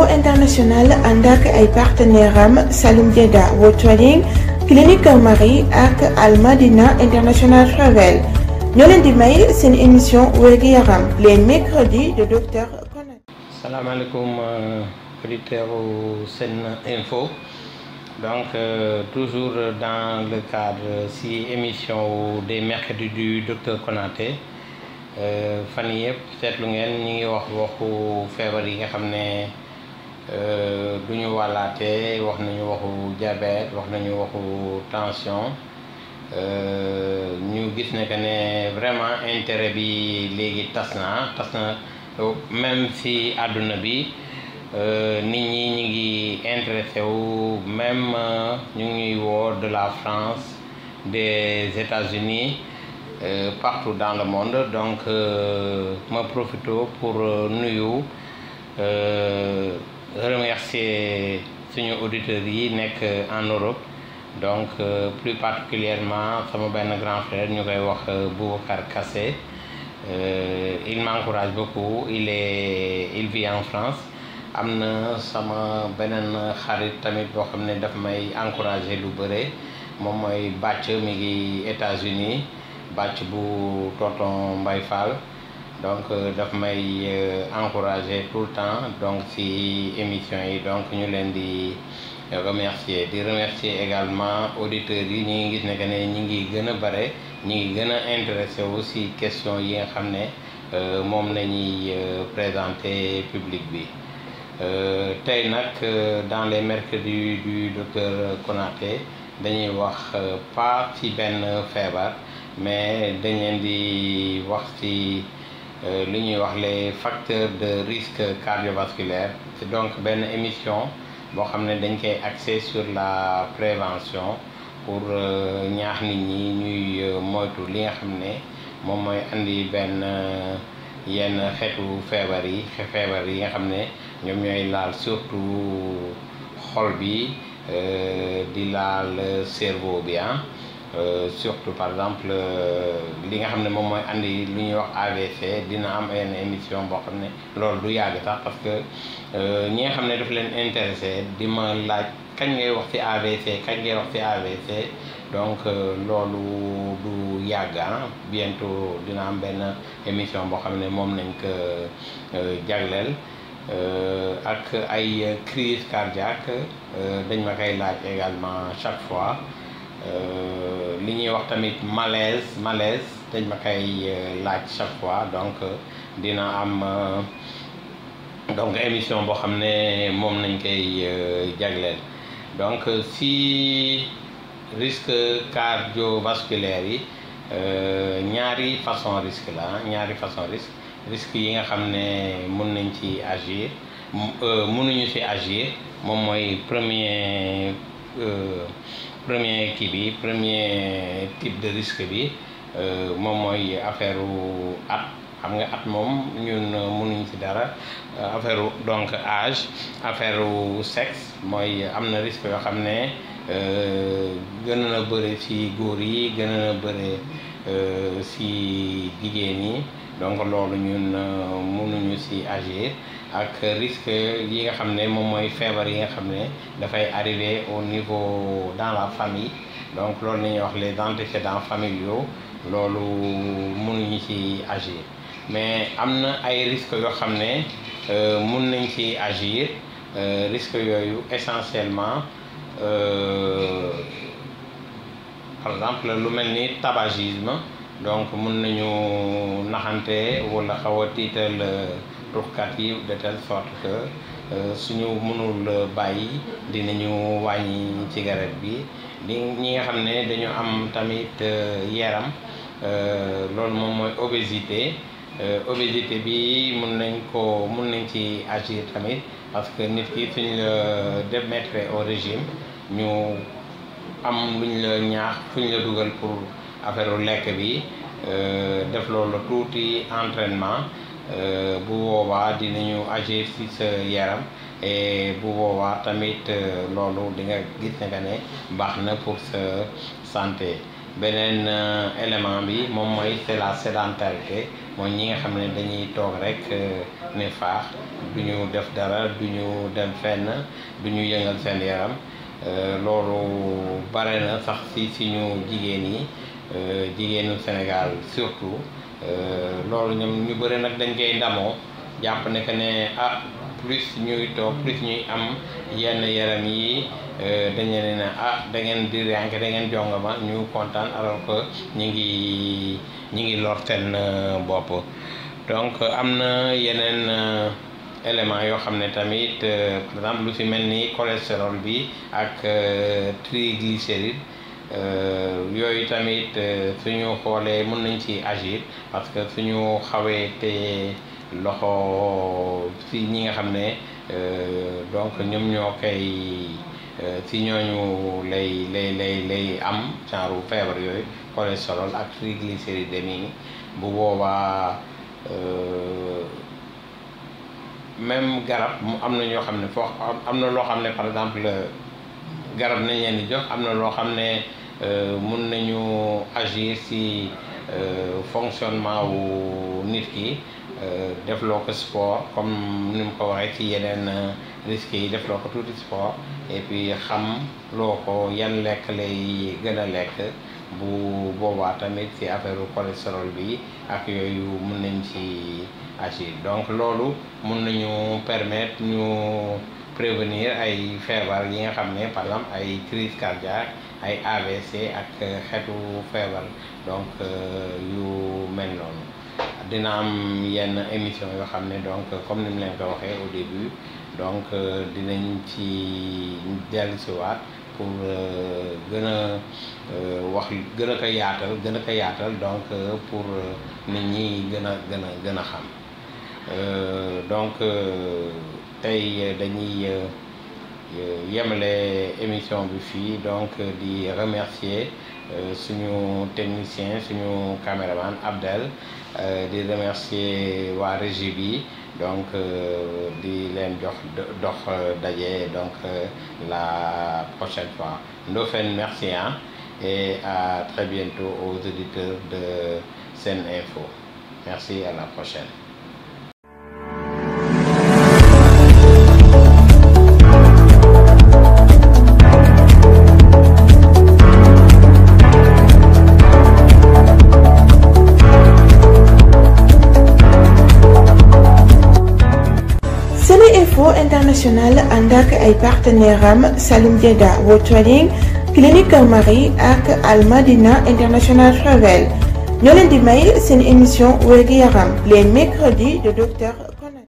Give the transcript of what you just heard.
Pro International ànd ak ay partenaire am Saloum Dieda World Trading Clinique Marie ak Almadina International Travel ñoo leen di may seen émission wérgu yaram les mercredis de docteur Konaté. salaamaaleykum euh, auditeurs Sen Info donc euh, toujours dans le cadre si émission des mercredis du docteur Konaté. Euh, fan yëpp seetlu ngeen ñu ngi wax waxu feebar yi nga xam ne du euh, ñu wàllaatee wax nañu waxu diabète wax nañu waxu tension euh, ñu gis ne que ne vraiment intérêt bi léegi tas na tas na même si àdduna bi euh, nit ñi ñu ngi intéressé wu même ñu ngi woo de la France des États-Unis Euh, partout dans le monde donc euh, ma profito pour euh, nuyu remercier suñu auditeurs yi nekk en Europe donc euh, plus particulièrement sama benn grand frère ñu koy wax euh, Boubacar Kassé euh, il m'encourage beaucoup il e il vit en France am na sama beneen xarit tamit boo xam ne daf may encourager lu bëre moom mooy bàcc mi ngi États-Unis bàcc bu tonton Mbaye Fall donc euh, daf may euh, encourager tout le temps donc si émission yi donc ñu leen di remercier di remercier également auditeur yi ñu ngi gis ne que ne ñi ngi gën a bare ñu ngi gën a intéressé aussi question yi nga xam ne euh, moom la ñuy présenter public bi tey nag dans les mercredis du docteur Konaté dañuy wax pas ci benn feebar mais dañ leen di wax ci Euh, li ñuy wax les facteurs de risque cardiovasculaire c'est donc benn émission boo xam ne dañ koy axé sur la prévention pour euh, ñaax nit ñi ñuy euh, moytu li nga xam ne moom mooy indi benn yenn xeetu feebar yi feebar yi nga xam ne ñoom ñooy laal surtout xol bi di laal cerveau bi ah Euh, surtout par exemple euh, li nga xam ne moom mooy andi lu ñuy wax AVC dina am yenn émission boo xam ne loolu du yàgg sax parce que euh, ñi nga xam ne daf leen intéressé di ma laaj kañ ngay wax ci AVC kañ ngay wax ci AVC donc loolu du yàgg ah bientôt dina am benn émission boo xam ne moom nañ ko jagleel ak ay crise cardiaque dañ ma koy laaj également chaque fois Euh, li ñuy wax tamit malaise malaise dañ ma koy euh, laaj chaque fois donc dina am euh, donc émission boo xam ne moom nañ koy jagleel donc si risque cardiovasculaire yi ñaari façon risque la ñaari façon risque risque yi nga xam ne mën nañ ci agir nañu ci agir moom mooy premier. premier kii bi premier type de risque bi euh, moom mooy affaire u at xam nga at moom ñun euh, mënuñ ci dara euh, affaire donc âge affaire sexe mooy am na risque yoo xam ne gën na bëre ci góor yi gën na bëre ci jigéen yi donc loolu ñun euh, mënuñu si agir ak risque yi nga xam ne moom mooy feebar yi nga xam ne dafay arriver au niveau dans la famille donc loolu nañuy wax les antécédents familiaux loolu mënuñu ci agir mais am na ay risques yoo xam ne euh, mun nañ si agir euh, risque yooyu essentiellement par exemple lu mel ni tabagisme donc mun nañu naxante wala xaw a tiital tuxkat euh, yi de telle sorte euh, suñu mënul euh, bàyyi dinañu wàññi cigarette bi li ñi nga xam ne dañu am tamit yaram loolu moom mooy obésité obésité bi mun nañ ko mun nañ ci agir tamit parce que nit ki suñ la démettre au régime ñu am luñ la ñaax fuñ la dugal pour affaire lekk bi euh, def loolu tuuti entraînement euh, bu boobaa dinañu agir ci sa yaram bu boobaa tamit euh, loolu dinga gis ne que ne baax na pour sa santé beneen élément bi moom mooy c'est la sédentarité mooy ñi nga xam ne dañuy toog rek ne faax du ñu def dara du ñu dem fenn du ñu yëngal seen yaram loolu bare na sax ci siñu jigéen yi Euh, jigéenu Sénégal surtout euh, loolu ñoom ñu bëri nag dañ koy ndamoo jàpp ne ne ah plus ñuy toog plus ñuy am yenn yaram yi euh, dañu ne ah da ngeen di rànk da ngeen jonga ñu kontaan alors que ñu ngi ñu ngi lor seen bopp donc am na yeneen éléments yoo xam ne tamit par exemple lu fi mel ni cholestérol bi ak triglycéride Euh, yooyu tamit euh, suñu xoolee mën nañ ci agir parce que suñu xawee te loxo si ñi nga xam ne euh, donc ñoom ñoo koy si ñooñu lay lay lay lay am genre feebar yooyu cholestérol ak de triglycéridémie bu boobaa même garab mu am na ñoo xam ne foo am na loo xam ne par exemple garab nañ leen di jox am na loo xam ne. Euh, mun nañu agir ci euh, fonctionnement wu nit ki euh, defloo ko sport comme ni mu ko waxee ci yeneen risques yi defloo ko tuuti sport et xam loo ko yan lekk lay gën a lekk bu boobaa tamit ci affaire cholestérol bi ak yooyu mun nañ ci agir donc loolu mun nañu permettre ñu prévenir ay feebar yi nga xam ne par exemple ay crise cardiaque ay AVC ak xeetu feebar donc yu mel noonu dina am yenn émission yoo xam ne donc comme ni mu leen ko waxee au début donc dinañ ci si dellusiwaat pour euh, gën a euh, wax gën a ko yaatal gën a ko yaatal donc pour nit ñi gën a gën gën a xam euh, donc tey dañuy. yemale émission bi fii donc di remercier euh, suñu technicien suñu caméraman Abdel euh, di remercier waa régie bi donc euh, di leen jox dox daje donc la prochaine fois Ndofène merci hein et à très bientôt aux auditeurs de Sene Info merci à la prochaine Info International ànd ak ay partenaire am Salim Dieda World Trading Clinique Marie ak Al Madina International Travel ñoo leen di may seen émission wér-gu-yaram les mercredis de docteur